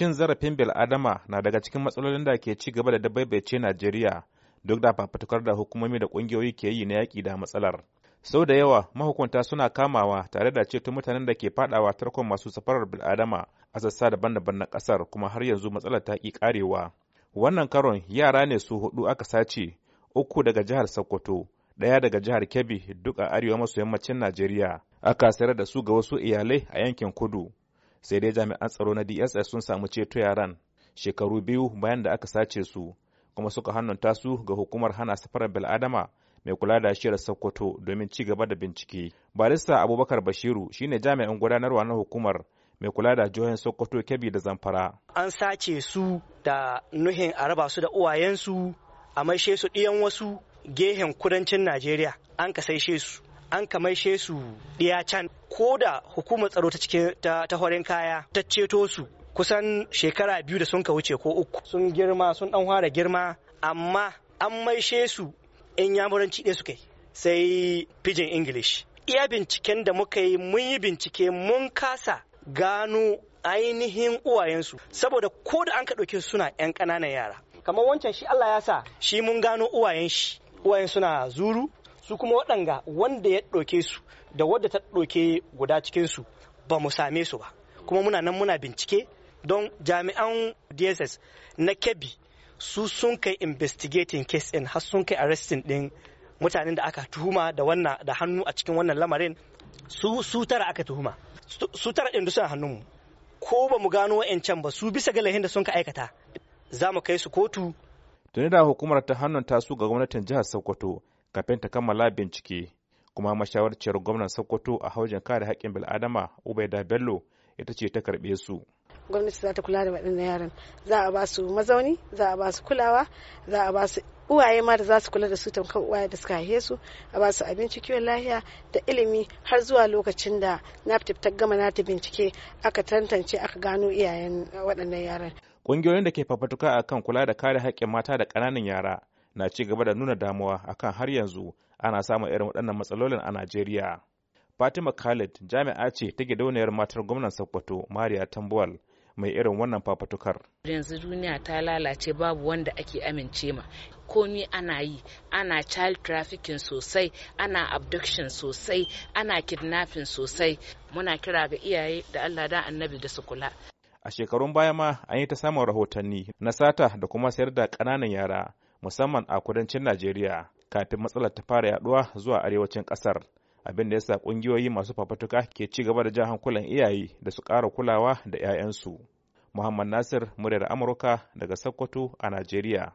Cin zarafin bil'adama na daga cikin matsalolin da ke ci gaba da dabaibaice Najeriya duk da fafutukar da hukumomi da kungiyoyi ke yi na yaƙi da matsalar. Sau da yawa mahukunta suna kamawa tare da ceto mutanen da ke fadawa tarkon masu safarar bil'adama a sassa daban-daban na ƙasar kuma har yanzu matsalar ta ƙi ƙarewa. Wannan karon yara ne su hudu aka sace, uku daga jihar Sokoto, ɗaya daga jihar Kebbi duk a arewa maso yammacin Najeriya. Aka sayar da su ga wasu iyalai a yankin kudu. sai dai jami'an tsaro na dss sun samu ceto yaran shekaru biyu bayan da aka sace su kuma suka hannunta su ga hukumar hana safarar bil'adama mai kula da shirar sokoto domin ci gaba da bincike barista abubakar bashiru shine jami'an gudanarwa na hukumar mai kula da jihohin sokoto kebbi da zamfara an sace su da nuhin a raba su da uwayensu a maishe su ɗiyan wasu gehen kudancin najeriya an kasaishe su an kamaishe su ɗiya can ko da hukumar tsaro ta cikin ta horin kaya ta ceto su kusan shekara biyu da sun ka wuce ko uku sun girma sun dan fara girma amma an maishe su in yamuranci ɗaya suka yi sai pidgin english iya binciken da muka yi mun yi bincike mun kasa gano ainihin uwayensu saboda ko da an ka suna 'yan ƙananan yara kamar wancan shi Allah ya sa shi mun gano uwayen shi uwayen suna zuru su kuma waɗanga wanda ya ɗauke su da wadda ta ɗauke guda cikinsu ba mu same su ba kuma muna nan muna bincike don jami'an dss na kebbi su sun kai investigating case in har sun kai arresting din mutanen da aka tuhuma da wannan da hannu a cikin wannan lamarin su su tara aka tuhuma su tara din suna hannunmu ko ba mu gano wa'ancan ba su bisa ga da sun ka aikata za mu kai su kotu tuni da hukumar ta hannun tasu ga gwamnatin jihar sokoto kafin ta kammala bincike kuma mashawarciyar gwamnan sokoto a haujin kare haƙƙin bil'adama ubaida bello ita ce ta karɓe su gwamnati za ta kula da waɗannan yaran za a ba su mazauni za a ba su kulawa za a ba su uwaye ma da za su kula da su tamkar uwaye da suka haife su a ba su abinci kiwon lafiya da ilimi har zuwa lokacin da naptip ta gama nata bincike aka tantance aka gano iyayen waɗannan yaran ƙungiyoyin da ke fafatuka akan kula da kare haƙƙin mata da ƙananan yara na ci gaba da nuna damuwa akan har yanzu ana samun irin waɗannan matsalolin a Najeriya. Fatima Khalid jami'a ce ta gidauniyar matar gwamnan Sokoto maria Tambuwal mai irin wannan fafatukar. Yanzu duniya ta lalace babu wanda ake amince ma. Komi ana yi, ana child trafficking sosai, ana abduction sosai, ana kidnapping sosai. Muna kira ga iyaye da Allah da annabi da su kula. A shekarun baya ma an yi ta samun rahotanni na sata da kuma sayar da ƙananan yara musamman a kudancin Najeriya kafin matsalar ta fara yaduwa zuwa arewacin ƙasar. Abin da yasa ƙungiyoyi masu fafatuka ke ci gaba da jan hankulan iyaye da su ƙara kulawa da 'ya'yansu. Muhammad Nasir, muryar Amurka daga Sokoto a Najeriya.